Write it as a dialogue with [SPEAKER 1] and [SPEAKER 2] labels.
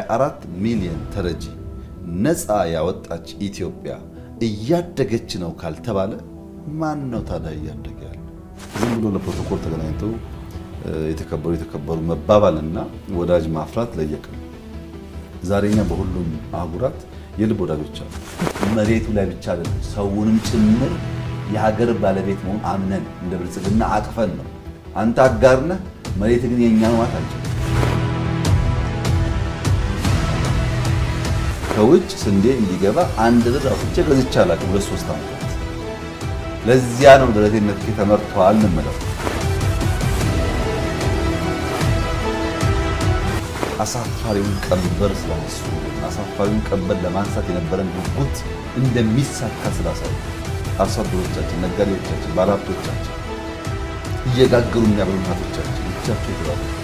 [SPEAKER 1] 24 ሚሊዮን ተረጂ ነፃ ያወጣች ኢትዮጵያ እያደገች ነው ካልተባለ ማን ነው ታዲያ እያደገ ያለ? ዝም ብሎ ለፕሮቶኮል ተገናኝተው የተከበሩ የተከበሩ መባባልና ወዳጅ ማፍራት ነው። ዛሬኛ በሁሉም አህጉራት የልብ ወዳጆች አሉ። መሬቱ ላይ ብቻ አይደለም ሰውንም ጭምር የሀገር ባለቤት መሆን አምነን እንደ ብልጽግና አቅፈን ነው። አንተ አጋርነህ መሬት ግን የእኛ ማት አልችል ከውጭ ስንዴ እንዲገባ አንድ ብር አውጥቼ ገዝቼ አላውቅም። ሁለት ሶስት ዓመት ለዚያ ነው ደረቴን ነጥቄ ተመርቷል እንምለው። አሳፋሪውን ቀንበር ስላነሱ አሳፋሪውን ቀንበር ለማንሳት የነበረን ጉጉት እንደሚሳካ ስላሳዩ አርሶ አደሮቻችን፣ ነጋዴዎቻችን፣ ባለሀብቶቻችን እየጋገሩ የሚያበሉ እናቶቻችን እጃቸው ይገባሉ።